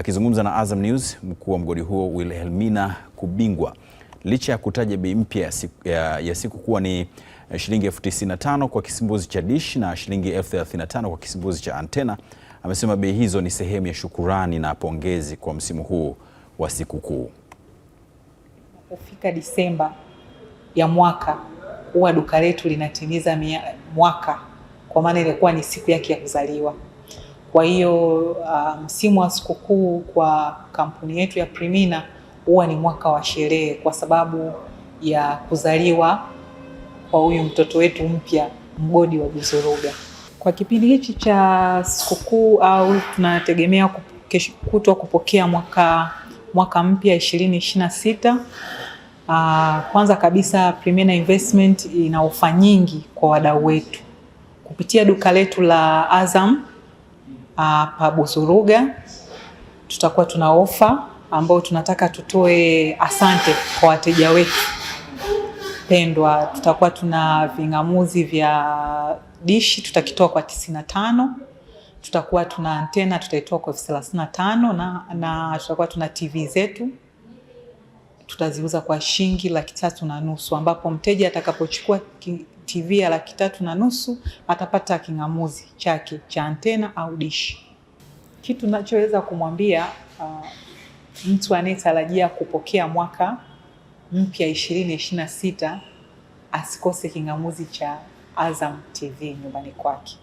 Akizungumza na Azam News, mkuu wa mgodi huo Wilhelmina Kubingwa, licha ya kutaja bei mpya ya, ya siku kuwa ni eh, shilingi elfu tisini na tano kwa kisimbuzi cha dish na shilingi elfu thelathini na tano kwa kisimbuzi cha antena, amesema bei hizo ni sehemu ya shukurani na pongezi kwa msimu huu wa sikukuu. Inapofika Disemba ya mwaka huwa duka letu linatimiza mwaka, kwa maana ilikuwa ni siku yake ya kuzaliwa. Kwa hiyo uh, msimu um, wa sikukuu kwa kampuni yetu ya Primina huwa ni mwaka wa sherehe kwa sababu ya kuzaliwa kwa huyu mtoto wetu mpya mgodi wa Buzuruga. Kwa kipindi hichi cha sikukuu au tunategemea kutwa kupokea mwaka mwaka mpya ishirini ishirini sita. Uh, kwanza kabisa Primina Investment ina ofa nyingi kwa wadau wetu kupitia duka letu la Azam pa Busuruga. Tutakuwa tuna ofa ambayo tunataka tutoe asante kwa wateja wetu pendwa. Tutakuwa tuna ving'amuzi vya dishi tutakitoa kwa tisini na tano tutakuwa tuna antena tutaitoa kwa elfu thelathini na tano na, na tutakuwa tuna TV zetu tutaziuza kwa shilingi laki tatu na nusu ambapo mteja atakapochukua TV ya laki tatu na nusu atapata king'amuzi chake cha antena au dishi. Kitu nachoweza kumwambia uh, mtu anayetarajia kupokea mwaka mpya ishirini ishirini na sita asikose king'amuzi cha Azam TV nyumbani kwake.